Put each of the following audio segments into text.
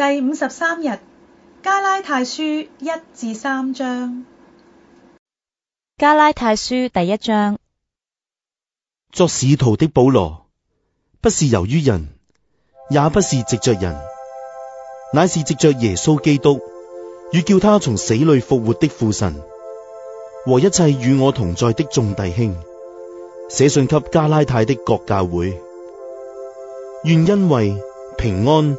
第五十三日，加拉太書一至三章。加拉太書第一章。作使徒的保羅，不是由於人，也不是藉着人，乃是藉着耶穌基督與叫他從死裏復活的父神，和一切與我同在的眾弟兄，寫信給加拉太的各教會，願因為平安。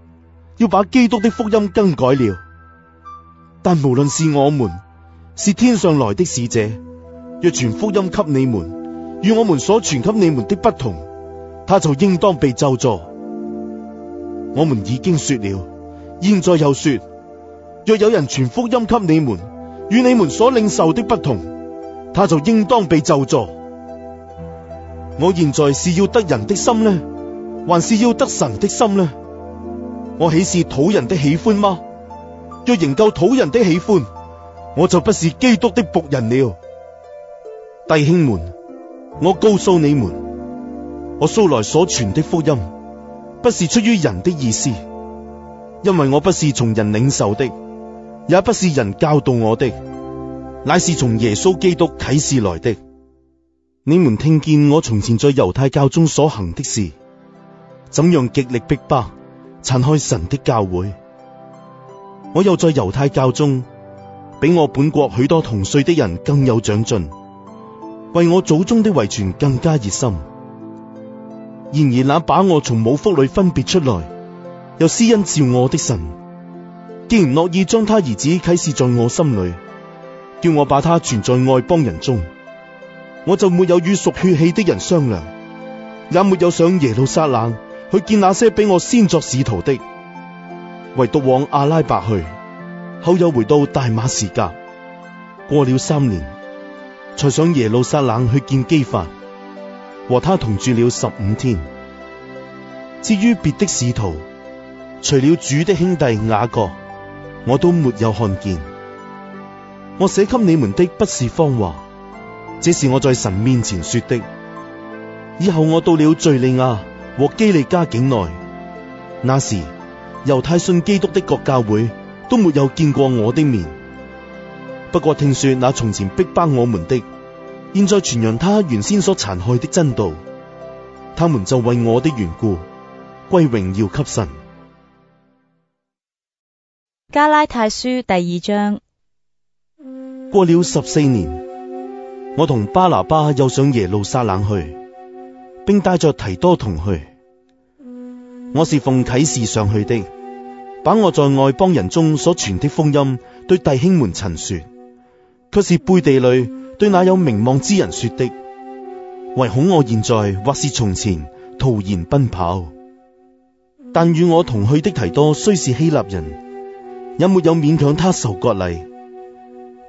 要把基督的福音更改了，但無論是我們是天上來的使者，若傳福音給你們，與我們所傳給你們的不同，他就應當被咒詛。我們已經說了，現在又說，若有人傳福音給你們，與你們所領受的不同，他就應當被咒詛。我現在是要得人的心呢，還是要得神的心呢？我豈是討人的喜歡嗎？若仍舊討人的喜歡，我就不是基督的僕人了。弟兄們，我告訴你們，我素來所傳的福音，不是出於人的意思，因為我不是從人領受的，也不是人教導我的，乃是從耶穌基督啟示來的。你們聽見我從前在猶太教中所行的事，怎樣極力逼迫。拆開神的教會，我又在猶太教中，比我本國許多同歲的人更有長進，為我祖宗的遺傳更加熱心。然而那把我從母腹裏分別出來，又施恩召我的神，既然樂意將他兒子啟示在我心裏，叫我把他存在外邦人中，我就沒有與屬血氣的人商量，也沒有上耶路撒冷。去見那些比我先作使徒的，唯獨往阿拉伯去，後又回到大馬士革。過了三年，才上耶路撒冷去見基法，和他同住了十五天。至於別的使徒，除了主的兄弟雅各，我都沒有看見。我寫給你們的不是謊話，這是我在神面前說的。以後我到了敘利亞。和基利加境內，那時猶太信基督的各教會都沒有見過我的面。不過聽說那從前逼迫我們的，現在傳揚他原先所殘害的真道，他們就為我的緣故歸榮耀給神。加拉太書第二章。過了十四年，我同巴拿巴又上耶路撒冷去。並帶着提多同去。我是奉啟示上去的，把我在外邦人中所傳的福音對弟兄們陳說，卻是背地裏對那有名望之人說的，唯恐我現在或是從前徒然奔跑。但與我同去的提多雖是希臘人，也沒有勉強他受割禮，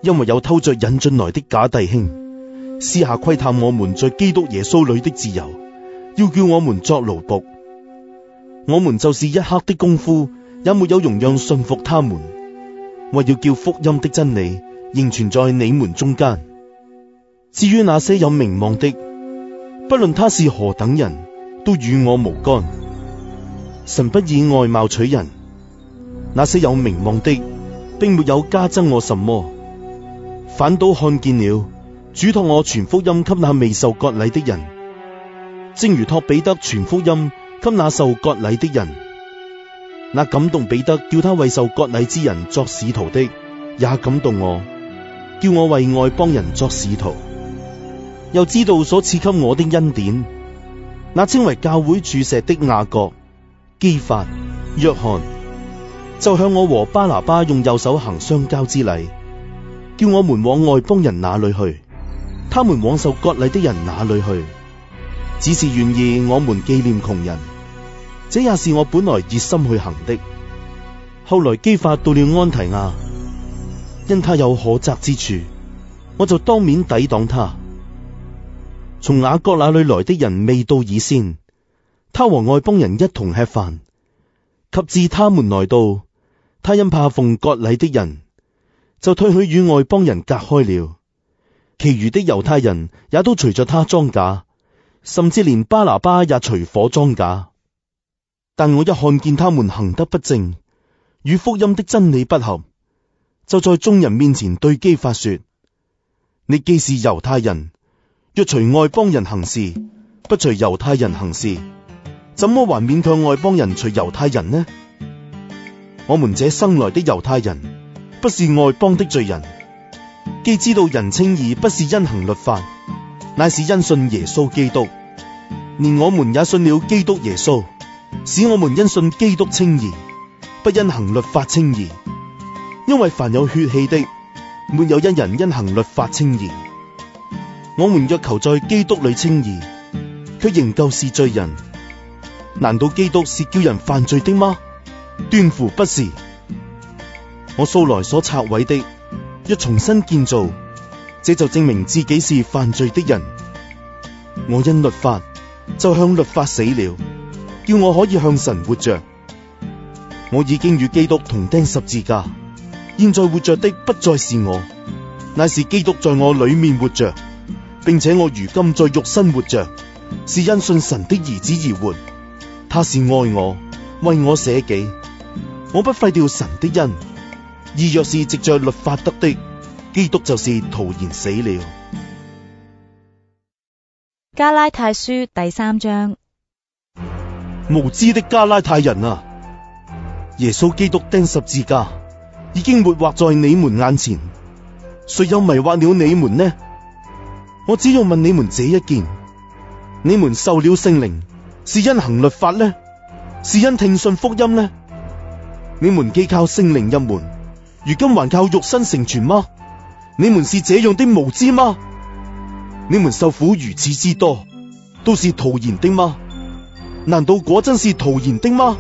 因為有偷着引進來的假弟兄私下窺探我們在基督耶穌裏的自由。要叫我們作奴僕，我們就是一刻的功夫也沒有，容讓順服他們，為要叫福音的真理仍存在你們中間。至於那些有名望的，不論他是何等人，都與我無干。神不以外貌取人，那些有名望的，並沒有加增我什麼，反倒看見了主託我傳福音給那未受割禮的人。正如託彼得傳福音給那受割禮的人，那感動彼得叫他為受割禮之人作使徒的，也感動我，叫我為外邦人作使徒。又知道所賜給我的恩典，那稱為教會柱石的雅各、基法、約翰，就向我和巴拿巴用右手行相交之禮，叫我們往外邦人那裏去，他們往受割禮的人那裏去。只是願意我們紀念窮人，這也是我本來熱心去行的。後來磯法到了安提亞，因他有可責之處，我就當面抵擋他。從雅各那裏來的人未到以先，他和外邦人一同吃飯，及至他們來到，他因怕奉割禮的人，就退去與外邦人隔開了。其餘的猶太人也都隨着他裝假。甚至連巴拿巴也隨夥裝假，但我一看見他們行得不正，與福音的真理不合，就在眾人面前對基法說：你既是猶太人，若隨外邦人行事，不隨猶太人行事，怎麼還勉強外邦人隨猶太人呢？我們這生來的猶太人，不是外邦的罪人，既知道人稱義不是因行律法。乃是因信耶穌基督，連我們也信了基督耶穌，使我們因信基督稱義，不因行律法稱義。因為凡有血氣的，沒有一人因行律法稱義。我們若求在基督裏稱義，卻仍舊是罪人。難道基督是叫人犯罪的嗎？斷乎不是。我素來所拆毀的，若重新建造。這就證明自己是犯罪的人。我因律法就向律法死了，叫我可以向神活着。我已經與基督同釘十字架，現在活着的不再是我，乃是基督在我裏面活着，並且我如今在肉身活着，是因信神的兒子而活。他是愛我，為我捨己，我不廢掉神的恩，義若是藉着律法得的。基督就是徒然死了。加拉太書第三章，無知的加拉太人啊！耶穌基督釘十字架已經沒畫在你們眼前，誰又迷惑了你們呢？我只要問你們這一件：你們受了聖靈，是因行律法呢，是因聽信福音呢？你們既靠聖靈入門，如今還靠肉身成全嗎？你們是這樣的無知嗎？你們受苦如此之多，都是徒然的嗎？難道果真是徒然的嗎？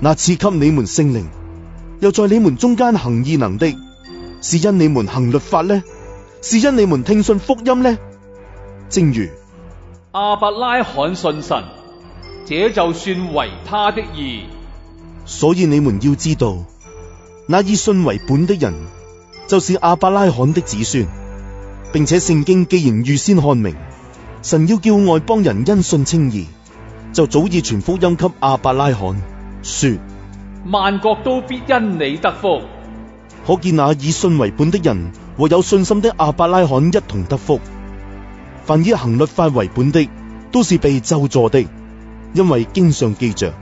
那賜給你們聖靈，又在你們中間行異能的，是因你們行律法呢？是因你們聽信福音呢？正如亞伯拉罕信神，這就算為他的義。所以你們要知道，那以信為本的人。就是亞伯拉罕的子孫，並且聖經既然預先看明，神要叫外邦人因信稱義，就早已傳福音給亞伯拉罕說：萬國都必因你得福。可見那以信為本的人和有信心的亞伯拉罕一同得福。凡以行律法為本的，都是被咒詛的，因為經上記着：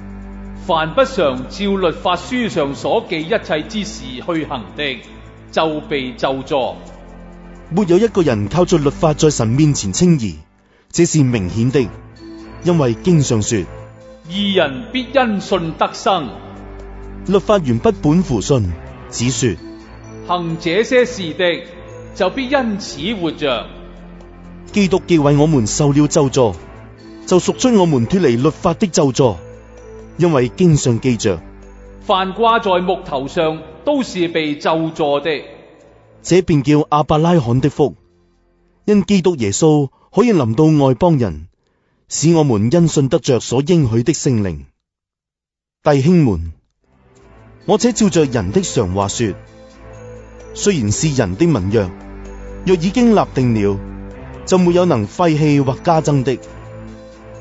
凡不常照律法書上所記一切之事去行的。就被咒詛，沒有一個人靠着律法在神面前稱義，這是明顯的，因為經上說，義人必因信得生。律法原不本乎信，只說行這些事的就必因此活着。基督既為我們受了咒詛，就贖出我們脫離律法的咒詛，因為經上記着。凡掛在木頭上都是被咒詛的，這便叫亞伯拉罕的福。因基督耶穌可以臨到外邦人，使我們因信得着所應許的聖靈。弟兄們，我且照着人的常話說：雖然是人的文約，若已經立定了，就沒有能廢棄或加增的。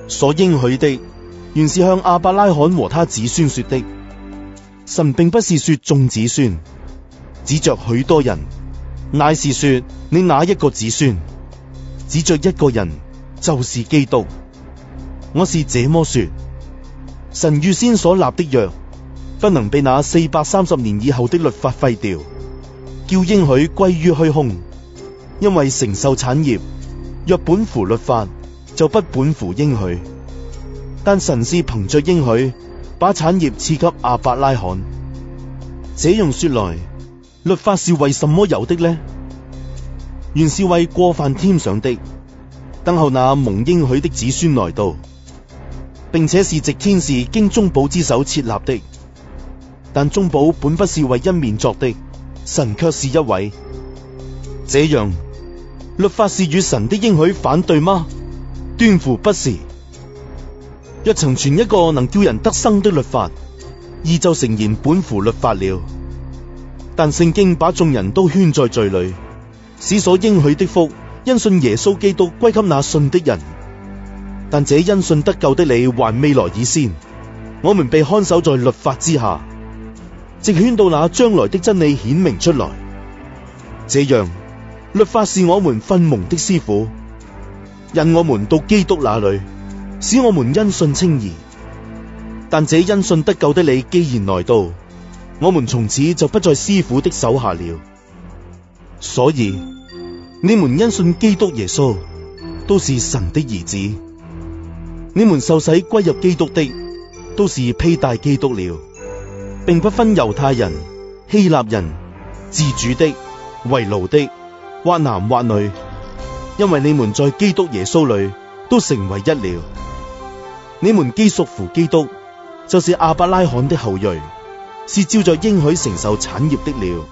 所應許的原是向亞伯拉罕和他子孫說的。神並不是說眾子孫，指着許多人，乃是說你那一個子孫，指着一個人，就是基督。我是這麼說。神預先所立的約，不能被那四百三十年以後的律法廢掉，叫應許歸於虛空。因為承受產業，若本乎律法，就不本乎應許。但神是憑着應許，把產業賜給阿伯拉罕，這樣說來，律法是為什麼有的呢？原是為過犯添上的。等候那蒙應許的子孫來到，並且是藉天使經中保之手設立的。但中保本不是為一面作的，神卻是一位。這樣，律法是與神的應許反對嗎？斷乎不是。若曾傳一個能叫人得生的律法，義就誠然本乎律法了。但聖經把眾人都圈在罪裏，使所應許的福因信耶穌基督歸給那信的人。但這因信得救的理，還未來以先。我們被看守在律法之下，直圈到那將來的真理顯明出來。這樣，律法是我們訓蒙的師傅，引我們到基督那裏。使我們因信稱義，但這因信得救的理，既然來到，我們從此就不在師傅的手下了。所以你們因信基督耶穌，都是神的兒子。你們受洗歸入基督的，都是披戴基督了，並不分猶太人、希臘人、自主的、為奴的，或男或女，因為你們在基督耶穌裏都成為一了。你們既屬乎基督，就是亞伯拉罕的後裔，是照着應許承受產業的了。